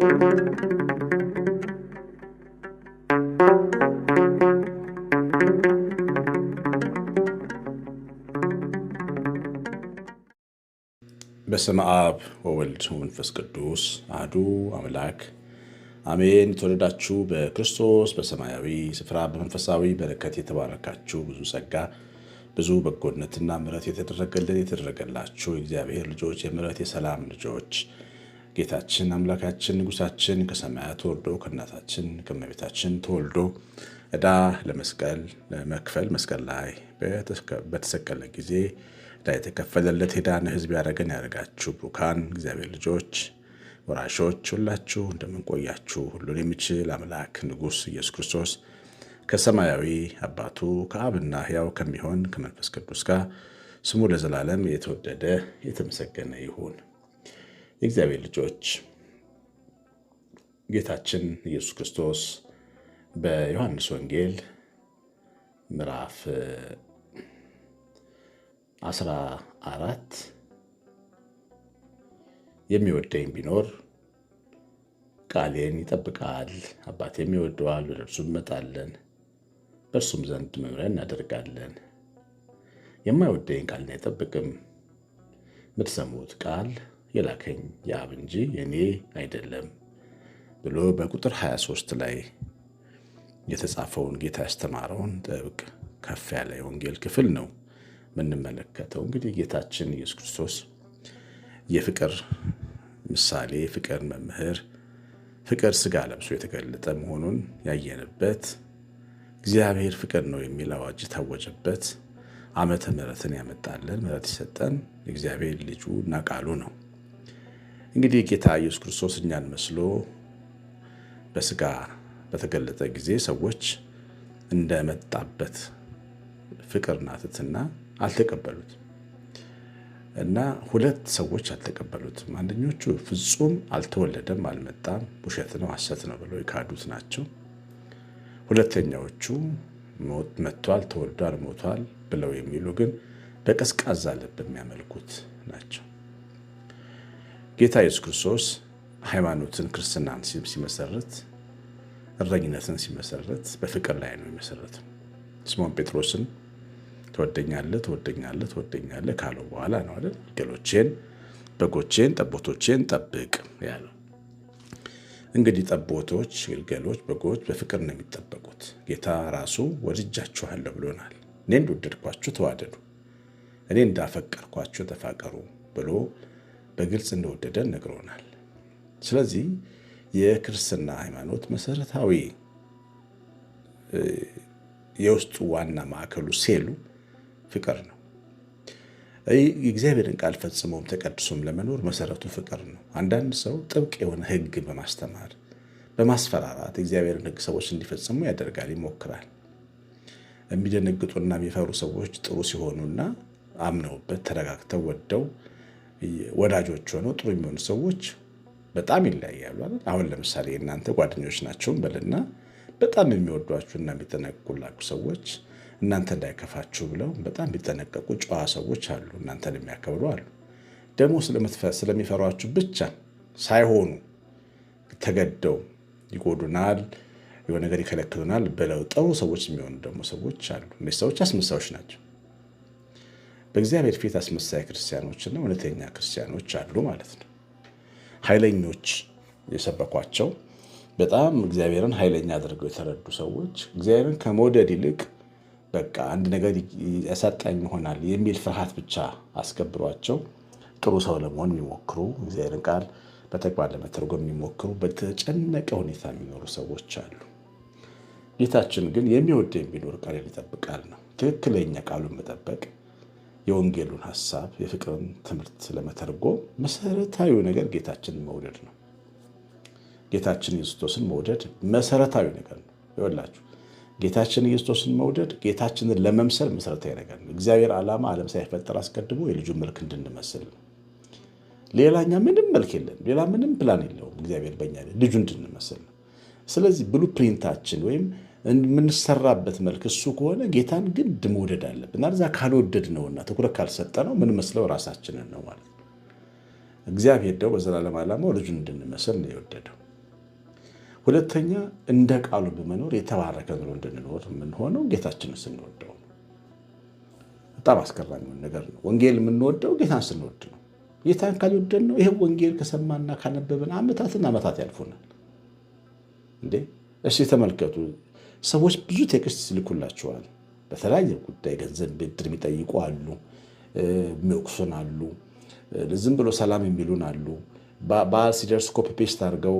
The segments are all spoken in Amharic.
በስመ አብ ወወልድ ወመንፈስ ቅዱስ አህዱ አምላክ አሜን። የተወለዳችሁ በክርስቶስ በሰማያዊ ስፍራ በመንፈሳዊ በረከት የተባረካችሁ ብዙ ጸጋ ብዙ በጎነትና ምሕረት የተደረገልን የተደረገላችሁ የእግዚአብሔር ልጆች የምሕረት የሰላም ልጆች ጌታችን አምላካችን ንጉሳችን ከሰማያት ወርዶ ከእናታችን ከመቤታችን ተወልዶ ዕዳ ለመስቀል ለመክፈል መስቀል ላይ በተሰቀለ ጊዜ ዕዳ የተከፈለለት የዳነ ሕዝብ ያደረገን ያደረጋችሁ ብሩካን እግዚአብሔር ልጆች ወራሾች ሁላችሁ እንደምንቆያችሁ ሁሉን የሚችል አምላክ ንጉሥ ኢየሱስ ክርስቶስ ከሰማያዊ አባቱ ከአብና ሕያው ከሚሆን ከመንፈስ ቅዱስ ጋር ስሙ ለዘላለም የተወደደ የተመሰገነ ይሁን። የእግዚአብሔር ልጆች ጌታችን ኢየሱስ ክርስቶስ በዮሐንስ ወንጌል ምዕራፍ 14 የሚወደኝ ቢኖር ቃሌን ይጠብቃል፣ አባቴም ይወደዋል፣ ወደ እርሱ እንመጣለን፣ በእርሱም ዘንድ መኖሪያ እናደርጋለን። የማይወደኝ ቃልን አይጠብቅም፣ የምትሰሙት ቃል የላከኝ የአብ እንጂ የኔ አይደለም ብሎ በቁጥር 23 ላይ የተጻፈውን ጌታ ያስተማረውን ጥብቅ ከፍ ያለ የወንጌል ክፍል ነው የምንመለከተው። እንግዲህ ጌታችን ኢየሱስ ክርስቶስ የፍቅር ምሳሌ፣ ፍቅር መምህር፣ ፍቅር ስጋ ለብሶ የተገለጠ መሆኑን ያየንበት እግዚአብሔር ፍቅር ነው የሚል አዋጅ የታወጀበት ዓመተ ምሕረትን ያመጣለን ምሕረት የሰጠን እግዚአብሔር ልጁ እና ቃሉ ነው። እንግዲህ ጌታ ኢየሱስ ክርስቶስ እኛን መስሎ በስጋ በተገለጠ ጊዜ ሰዎች እንደመጣበት ፍቅርና ትትና አልተቀበሉት እና ሁለት ሰዎች አልተቀበሉትም። አንደኞቹ ፍጹም አልተወለደም፣ አልመጣም፣ ውሸት ነው፣ ሐሰት ነው ብለው የካዱት ናቸው። ሁለተኛዎቹ መጥቷል፣ ተወልዷል፣ ሞቷል ብለው የሚሉ ግን በቀዝቃዛ ልብ የሚያመልኩት ናቸው። ጌታ ኢየሱስ ክርስቶስ ሃይማኖትን ክርስትናን ሲመሰረት እረኝነትን ሲመሰረት በፍቅር ላይ ነው የመሰረት። ስሞን ጴጥሮስን ተወደኛለ ትወደኛለህ ትወደኛለህ ካለው በኋላ ነው አይደል ግሎቼን በጎቼን ጠቦቶቼን ጠብቅ ያለው። እንግዲህ ጠቦቶች፣ ግልገሎች፣ በጎች በፍቅር ነው የሚጠበቁት። ጌታ ራሱ ወድጃችኋለሁ ብሎናል። እኔ እንደወደድኳችሁ ተዋደዱ፣ እኔ እንዳፈቀርኳችሁ ተፋቀሩ ብሎ በግልጽ እንደወደደ ነግሮናል። ስለዚህ የክርስትና ሃይማኖት መሰረታዊ የውስጡ ዋና ማዕከሉ ሴሉ ፍቅር ነው። የእግዚአብሔርን ቃል ፈጽሞም ተቀድሶም ለመኖር መሰረቱ ፍቅር ነው። አንዳንድ ሰው ጥብቅ የሆነ ሕግ በማስተማር በማስፈራራት እግዚአብሔርን ሕግ ሰዎች እንዲፈጽሙ ያደርጋል፣ ይሞክራል። የሚደነግጡና የሚፈሩ ሰዎች ጥሩ ሲሆኑና አምነውበት ተረጋግተው ወደው ወዳጆች ሆነው ጥሩ የሚሆኑ ሰዎች በጣም ይለያያሉ። አሁን ለምሳሌ እናንተ ጓደኞች ናቸውን በልና በጣም የሚወዷችሁና የሚጠነቅቁላችሁ ሰዎች እናንተ እንዳይከፋችሁ ብለው በጣም የሚጠነቀቁ ጨዋ ሰዎች አሉ። እናንተን የሚያከብሩ አሉ። ደግሞ ስለሚፈሯችሁ ብቻ ሳይሆኑ ተገደው ይጎዱናል፣ የሆነ ነገር ይከለክሉናል ብለው ጥሩ ሰዎች የሚሆኑ ደግሞ ሰዎች አሉ። እነዚህ ሰዎች አስመሳዮች ናቸው። በእግዚአብሔር ፊት አስመሳይ ክርስቲያኖችና እውነተኛ ክርስቲያኖች አሉ ማለት ነው። ኃይለኞች የሰበኳቸው በጣም እግዚአብሔርን ኃይለኛ አድርገው የተረዱ ሰዎች እግዚአብሔርን ከመውደድ ይልቅ በቃ አንድ ነገር ያሳጣኝ ይሆናል የሚል ፍርሃት ብቻ አስከብሯቸው ጥሩ ሰው ለመሆን የሚሞክሩ እግዚአብሔርን ቃል በተግባር ለመተርጎም የሚሞክሩ በተጨነቀ ሁኔታ የሚኖሩ ሰዎች አሉ። ጌታችን ግን የሚወድ የሚኖር ቃል ይጠብቃል ነው። ትክክለኛ ቃሉን መጠበቅ የወንጌሉን ሀሳብ የፍቅርን ትምህርት ለመተርጎም መሰረታዊ ነገር ጌታችንን መውደድ ነው። ጌታችን ኢየሱስ ክርስቶስን መውደድ መሰረታዊ ነገር ነው። ይወላችሁ ጌታችን ኢየሱስ ክርስቶስን መውደድ ጌታችንን ለመምሰል መሰረታዊ ነገር ነው። እግዚአብሔር ዓላማ ዓለም ሳይፈጠር አስቀድሞ የልጁን መልክ እንድንመስል ነው። ሌላኛ ምንም መልክ የለም ሌላ ምንም ፕላን የለውም። እግዚአብሔር በኛ ልጁ እንድንመስል ነው። ስለዚህ ብሉ ፕሪንታችን ወይም የምንሰራበት መልክ እሱ ከሆነ ጌታን ግድ መውደድ አለብን። እዛ ካልወደድ ነውና ትኩረት ካልሰጠ ነው ምን መስለው ራሳችንን ነው ማለት ነው። እግዚአብሔር ደው በዘላለም ዓላማው ልጁን እንድንመስል ነው የወደደው። ሁለተኛ እንደ ቃሉ በመኖር የተባረከ ኑሮ እንድንኖር የምንሆነው ጌታችንን ስንወደው በጣም አስገራሚውን ነገር ነው። ወንጌል የምንወደው ጌታን ስንወድ ነው። ጌታን ካልወደድ ነው ይህ ወንጌል ከሰማና ካነበብን አመታትን አመታት ያልፉናል። እንዴ እሺ ተመልከቱ ሰዎች ብዙ ቴክስት ይልኩላቸዋል። በተለያየ ጉዳይ ገንዘብ ብድር የሚጠይቁ አሉ፣ የሚወቅሱን አሉ፣ ዝም ብሎ ሰላም የሚሉን አሉ። በዓል ሲደርስ ኮፒ ፔስት አድርገው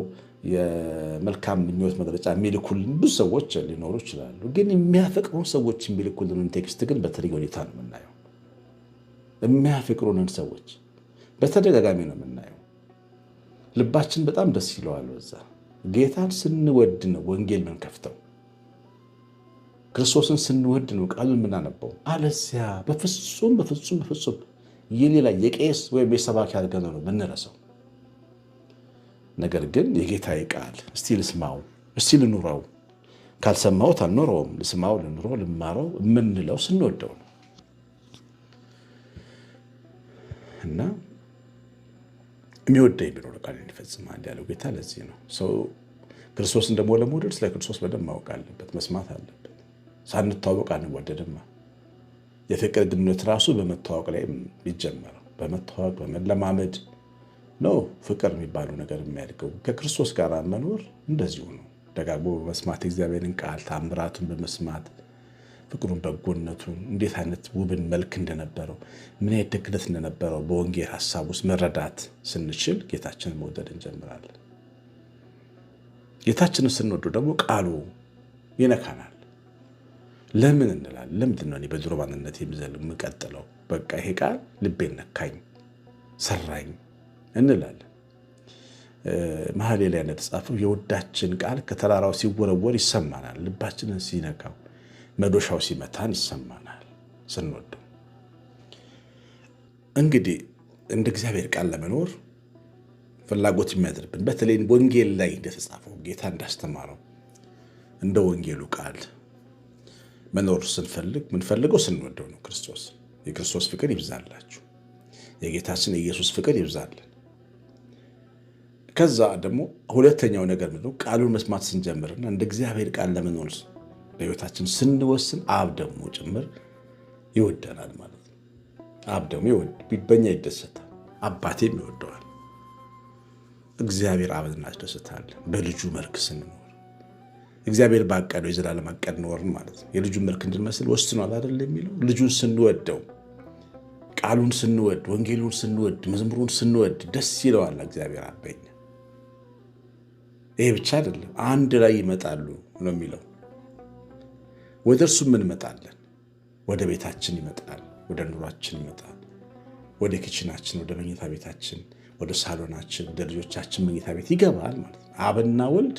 የመልካም ምኞት መግለጫ የሚልኩልን ብዙ ሰዎች ሊኖሩ ይችላሉ። ግን የሚያፈቅሩን ሰዎች የሚልኩልንን ቴክስት ግን በተለየ ሁኔታ ነው የምናየው። የሚያፈቅሩንን ሰዎች በተደጋጋሚ ነው የምናየው። ልባችን በጣም ደስ ይለዋል። በዛ ጌታን ስንወድ ነው ወንጌል ምንከፍተው። ክርስቶስን ስንወድ ነው ቃሉን የምናነበው። አለዚያ በፍጹም በፍጹም በፍጹም የሌላ የቄስ ወይም የሰባኪ አድርገን ነው የምንረሳው። ነገር ግን የጌታዬ ቃል እስቲ ልስማው፣ እስቲ ልኑረው፣ ካልሰማሁት አልኖረውም፣ ልስማው፣ ልኑረው፣ ልማረው የምንለው ስንወደው ነው እና የሚወደ የሚኖር ቃል ይፈጽማል ያለው ጌታ ለዚህ ነው ሰው ክርስቶስን ደግሞ ለመውደድ ስለ ክርስቶስ በደንብ ማወቅ አለበት፣ መስማት አለበት። ሳንታወቅ አንወደድም። የፍቅር ግንኙነት ራሱ በመተዋወቅ ላይ የሚጀመረው በመተዋወቅ በመለማመድ ነው። ፍቅር የሚባለው ነገር የሚያድገው ከክርስቶስ ጋር መኖር እንደዚሁ ነው። ደጋግሞ በመስማት የእግዚአብሔርን ቃል ታምራቱን በመስማት ፍቅሩን፣ በጎነቱን እንዴት አይነት ውብን መልክ እንደነበረው ምን አይነት ደግነት እንደነበረው በወንጌል ሀሳብ ውስጥ መረዳት ስንችል ጌታችንን መውደድ እንጀምራለን። ጌታችንን ስንወዱ ደግሞ ቃሉ ይነካናል። ለምን እንላለን? ለምንድን ነው በድሮ ማንነት የምዘል የምቀጥለው? በቃ ይሄ ቃል ልቤን ነካኝ፣ ሰራኝ እንላለን። መሀሌ ላይ እንደተጻፈው የወዳችን ቃል ከተራራው ሲወረወር ይሰማናል፣ ልባችንን ሲነካው፣ መዶሻው ሲመታን ይሰማናል። ስንወድ እንግዲህ እንደ እግዚአብሔር ቃል ለመኖር ፍላጎት የሚያደርብን በተለይ ወንጌል ላይ እንደተጻፈው ጌታ እንዳስተማረው እንደ ወንጌሉ ቃል መኖር ስንፈልግ ምንፈልገው ስንወደው ነው። ክርስቶስ የክርስቶስ ፍቅር ይብዛላችሁ። የጌታችን የኢየሱስ ፍቅር ይብዛልን። ከዛ ደግሞ ሁለተኛው ነገር ምንድነው? ቃሉን መስማት ስንጀምርና እንደ እግዚአብሔር ቃል ለመኖር በህይወታችን ስንወስን አብ ደግሞ ጭምር ይወደናል ማለት ነው። አብ ደግሞ በኛ ይደሰታል። አባቴም ይወደዋል። እግዚአብሔር አብን እናስደስታለን በልጁ መልክ ስንኖር እግዚአብሔር ባቀደው የዘላለም አቀድ ኖር ማለት ነው። የልጁን መልክ እንድንመስል ወስኗል አይደል የሚለው ልጁን ስንወደው ቃሉን ስንወድ ወንጌሉን ስንወድ መዝሙሩን ስንወድ ደስ ይለዋል እግዚአብሔር አበኛ። ይሄ ብቻ አይደለም፣ አንድ ላይ ይመጣሉ ነው የሚለው። ወደ እርሱም እንመጣለን። ወደ ቤታችን ይመጣል፣ ወደ ኑሯችን ይመጣል፣ ወደ ኪችናችን፣ ወደ መኝታ ቤታችን፣ ወደ ሳሎናችን፣ ወደ ልጆቻችን መኝታ ቤት ይገባል ማለት ነው። አብና ወልድ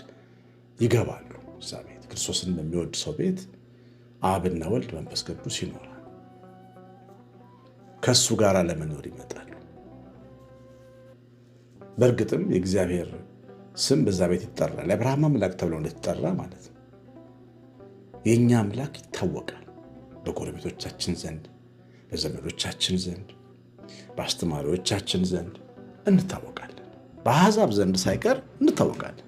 ይገባል። እዛ ቤት ክርስቶስን የሚወድ ሰው ቤት አብና ወልድ መንፈስ ቅዱስ ይኖራል። ከእሱ ጋር ለመኖር ይመጣል። በእርግጥም የእግዚአብሔር ስም በዛ ቤት ይጠራል። የአብርሃም አምላክ ተብሎ እንደተጠራ ማለት ነው። የእኛ አምላክ ይታወቃል በጎረቤቶቻችን ዘንድ፣ በዘመዶቻችን ዘንድ፣ በአስተማሪዎቻችን ዘንድ እንታወቃለን። በአሕዛብ ዘንድ ሳይቀር እንታወቃለን።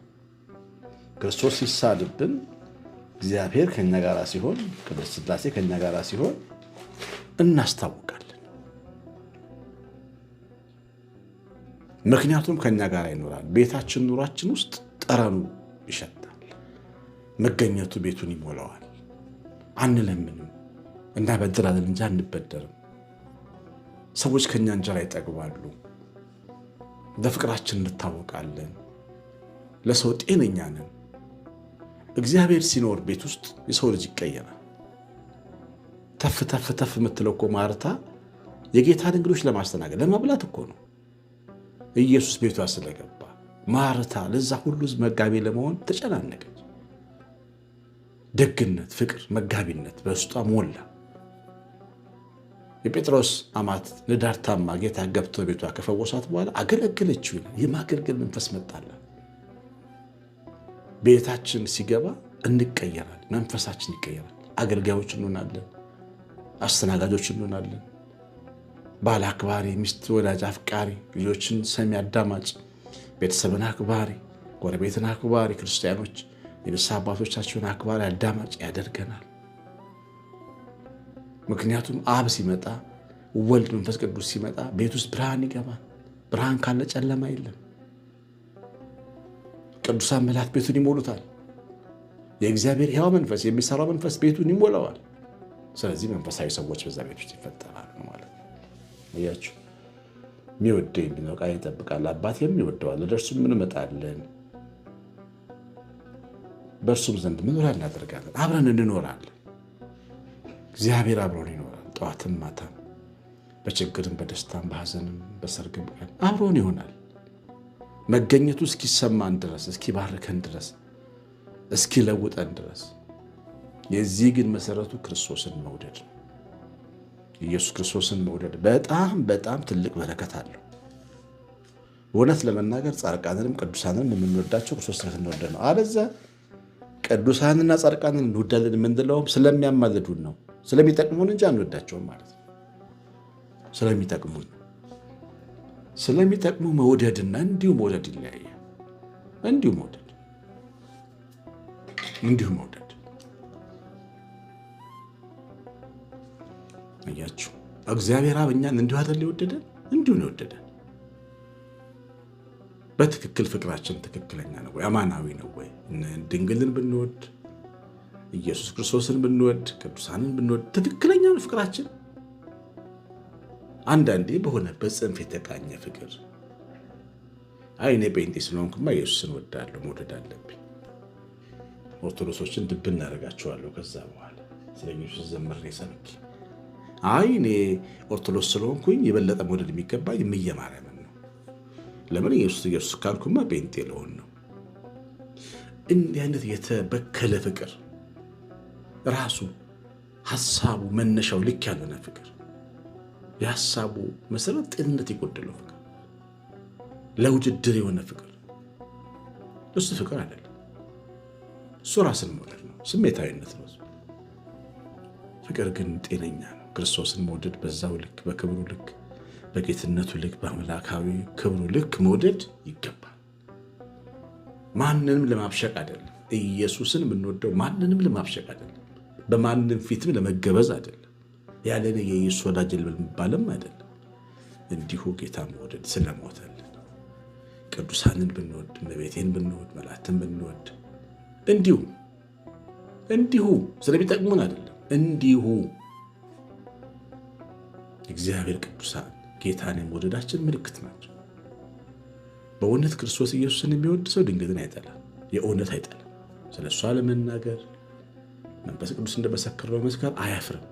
ክርስቶስ ሲሳልብን እግዚአብሔር ከኛ ጋር ሲሆን፣ ቅዱስ ስላሴ ከኛ ጋር ሲሆን እናስታውቃለን። ምክንያቱም ከኛ ጋር ይኖራል። ቤታችን ኑሯችን ውስጥ ጠረኑ ይሸታል። መገኘቱ ቤቱን ይሞላዋል። አንለምንም፣ እናበድራለን እንጂ አንበደርም። ሰዎች ከኛ እንጀራ ይጠግባሉ። ለፍቅራችን እንታወቃለን። ለሰው ጤነኛ ነን። እግዚአብሔር ሲኖር ቤት ውስጥ የሰው ልጅ ይቀየራል። ተፍ ተፍ ተፍ የምትለው እኮ ማርታ የጌታን እንግዶች ለማስተናገድ ለመብላት እኮ ነው። ኢየሱስ ቤቷ ስለገባ ማርታ ለዛ ሁሉ መጋቢ ለመሆን ተጨናነቀች። ደግነት፣ ፍቅር፣ መጋቢነት በውስጧ ሞላ። የጴጥሮስ አማት ንዳር ታማ ጌታ ገብቶ ቤቷ ከፈወሳት በኋላ አገለገለችው። የማገልገል መንፈስ መጣላት። ቤታችን ሲገባ እንቀየራል። መንፈሳችን ይቀየራል። አገልጋዮች እንሆናለን። አስተናጋጆች እንሆናለን። ባል አክባሪ፣ ሚስት ወዳጅ አፍቃሪ፣ ልጆችን ሰሚ አዳማጭ፣ ቤተሰብን አክባሪ፣ ጎረቤትን አክባሪ፣ ክርስቲያኖች የንስሐ አባቶቻቸውን አክባሪ አዳማጭ ያደርገናል። ምክንያቱም አብ ሲመጣ ወልድ መንፈስ ቅዱስ ሲመጣ ቤት ውስጥ ብርሃን ይገባል። ብርሃን ካለ ጨለማ የለም። ቅዱሳን መላእክት ቤቱን ይሞሉታል። የእግዚአብሔር ሕያው መንፈስ የሚሰራው መንፈስ ቤቱን ይሞላዋል። ስለዚህ መንፈሳዊ ሰዎች በዛ ቤት ውስጥ ይፈጠራሉ ማለት ነው። እያችሁ የሚወደኝ የሚለው ቃል ይጠብቃል። አባት የሚወደዋል፣ ወደ እርሱም እንመጣለን፣ በእርሱም ዘንድ መኖሪያ እናደርጋለን። አብረን እንኖራለን። እግዚአብሔር አብሮን ይኖራል። ጠዋትም ማታም፣ በችግርም፣ በደስታም፣ በሐዘንም፣ በሰርግም ቀን አብሮን ይሆናል። መገኘቱ እስኪሰማን ድረስ እስኪባርከን ድረስ እስኪለውጠን ድረስ የዚህ ግን መሰረቱ ክርስቶስን መውደድ ነው። ኢየሱስ ክርስቶስን መውደድ በጣም በጣም ትልቅ በረከት አለው። እውነት ለመናገር ጻድቃንንም ቅዱሳንን የምንወዳቸው ክርስቶስን ስንወደድ ነው። አለዚያ ቅዱሳንና ጻድቃንን እንወዳለን የምንለውም ስለሚያማልዱን ነው። ስለሚጠቅሙን እንጂ አንወዳቸውም ማለት ነው። ስለሚጠቅሙን ስለሚጠቅሙ መውደድና እንዲሁም መውደድ ይለያያል። እንዲሁ መውደድ እንዲሁ መውደድ እያችሁ እግዚአብሔር አብ እኛን እንዲሁ አይደል የወደደን? እንዲሁ ነው የወደደን። በትክክል ፍቅራችን ትክክለኛ ነው ወይ? አማናዊ ነው ወይ? ድንግልን ብንወድ፣ ኢየሱስ ክርስቶስን ብንወድ፣ ቅዱሳንን ብንወድ ትክክለኛ ነው ፍቅራችን። አንዳንዴ በሆነበት ጽንፍ የተቃኘ ፍቅር አይ እኔ ጴንጤ ስለሆንኩማ ኢየሱስን ወዳለሁ መውደድ አለብኝ። ኦርቶዶክሶችን ድብ እናደርጋቸዋለሁ። ከዛ በኋላ ስለ ኢየሱስ ዘምር ሰብኪ አይ እኔ ኦርቶዶክስ ስለሆንኩኝ የበለጠ መውደድ የሚገባኝ እምዬ ማርያምን ነው። ለምን ኢየሱስ ኢየሱስ ካልኩማ ጴንጤ ልሆን ነው። እንዲህ አይነት የተበከለ ፍቅር ራሱ ሀሳቡ መነሻው ልክ ያልሆነ ፍቅር የሀሳቡ መሰረት ጤንነት የጎደለው ፍቅር፣ ለውድድር የሆነ ፍቅር እሱ ፍቅር አይደለም። እሱ ራስን መውደድ ነው፣ ስሜታዊነት ነው። ፍቅር ግን ጤነኛ ነው። ክርስቶስን መውደድ በዛው ልክ፣ በክብሩ ልክ፣ በጌትነቱ ልክ፣ በአምላካዊ ክብሩ ልክ መውደድ ይገባል። ማንንም ለማብሸቅ አይደለም። ኢየሱስን የምንወደው ማንንም ለማብሸቅ አይደለም። በማንም ፊትም ለመገበዝ አይደለም። ያለን የኢየሱስ ወዳጅ ልባልም አይደለም። እንዲሁ ጌታ መውደድ ስለሞተልን ቅዱሳንን ብንወድ እመቤቴን ብንወድ መላእክትን ብንወድ እንዲሁ እንዲሁ ስለሚጠቅሙን አይደለም። እንዲሁ እግዚአብሔር ቅዱሳን ጌታን የመውደዳችን ምልክት ናቸው። በእውነት ክርስቶስ ኢየሱስን የሚወድ ሰው ድንገትን አይጠላም፣ የእውነት አይጠላም። ስለ እሷ ለመናገር መንፈስ ቅዱስ እንደመሰከር በመስከር አያፍርም።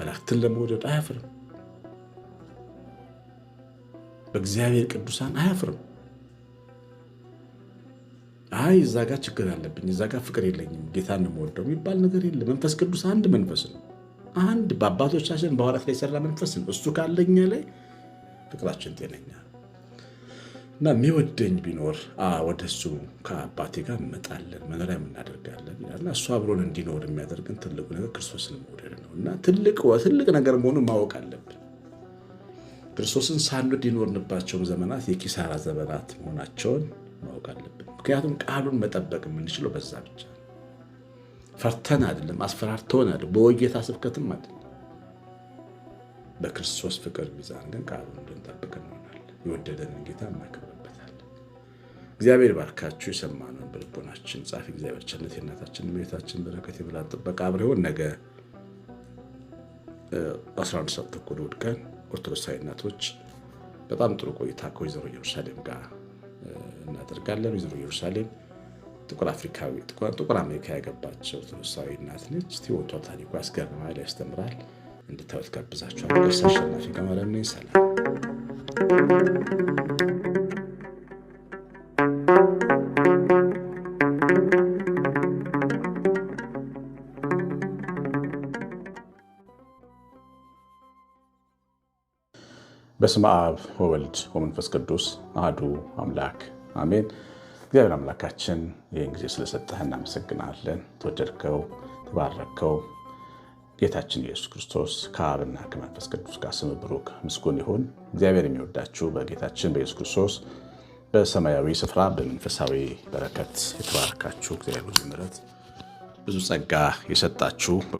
መላእክትን ለመውደድ አያፍርም። በእግዚአብሔር ቅዱሳን አያፍርም። አይ እዛ ጋር ችግር አለብኝ፣ እዛ ጋር ፍቅር የለኝም፣ ጌታን የምወደው የሚባል ነገር የለም። መንፈስ ቅዱስ አንድ መንፈስ ነው። አንድ በአባቶቻችን በኋላት ላይ የሰራ መንፈስ ነው። እሱ ካለኛ ላይ ፍቅራችን ጤነኛ እና የሚወደኝ ቢኖር ወደ እሱ ከአባቴ ጋር እንመጣለን መኖሪያ እናደርጋለን ይላል። እሱ አብሮን እንዲኖር የሚያደርግን ትልቁ ነገር ክርስቶስን መውደድ ነው እና ትልቅ ነገር መሆኑን ማወቅ አለብን። ክርስቶስን ሳንወድ የኖርንባቸውም ዘመናት የኪሳራ ዘመናት መሆናቸውን ማወቅ አለብን። ምክንያቱም ቃሉን መጠበቅ የምንችለው በዛ ብቻ ፈርተን አይደለም፣ አስፈራርተውን አይደለም፣ በወጌታ ስብከትም አይደለም በክርስቶስ ፍቅር ሚዛን ግን ቃሉ እንድንጠብቅ እንሆናል። የወደደንን ጌታ እናከብርበታለን። እግዚአብሔር ባርካችሁ። የሰማነውን በልቦናችን ጻፊ። እግዚአብሔር ቸነት የእናታችን ቤታችን በረከት የብላት ጥበቃ አብረውን ነገ 11 ሰዓት ተኩል እሑድ ቀን ኦርቶዶክሳዊ እናቶች በጣም ጥሩ ቆይታ ከወይዘሮ ኢየሩሳሌም ጋር እናደርጋለን። ወይዘሮ ኢየሩሳሌም ጥቁር አፍሪካዊ ጥቁር አሜሪካ ያገባቸው ኦርቶዶክሳዊ እናት ነች። ሕይወቷ ታሪኳ ያስገርማል፣ ያስተምራል። እንድታዩት ጋብዛችኋል። ደስ አሸናፊ ገማለም ነኝ። ሰላም በስመ አብ ወወልድ ወመንፈስ ቅዱስ አህዱ አምላክ አሜን። እግዚአብሔር አምላካችን ይህን ጊዜ ስለሰጠህ እናመሰግናለን። ተወደድከው፣ ተባረከው። ጌታችን ኢየሱስ ክርስቶስ ከአብና ከመንፈስ ቅዱስ ጋር ስም ብሩክ ምስጉን ይሁን። እግዚአብሔር የሚወዳችሁ በጌታችን በኢየሱስ ክርስቶስ በሰማያዊ ስፍራ በመንፈሳዊ በረከት የተባረካችሁ እግዚአብሔር ምሕረት ብዙ ጸጋ የሰጣችሁ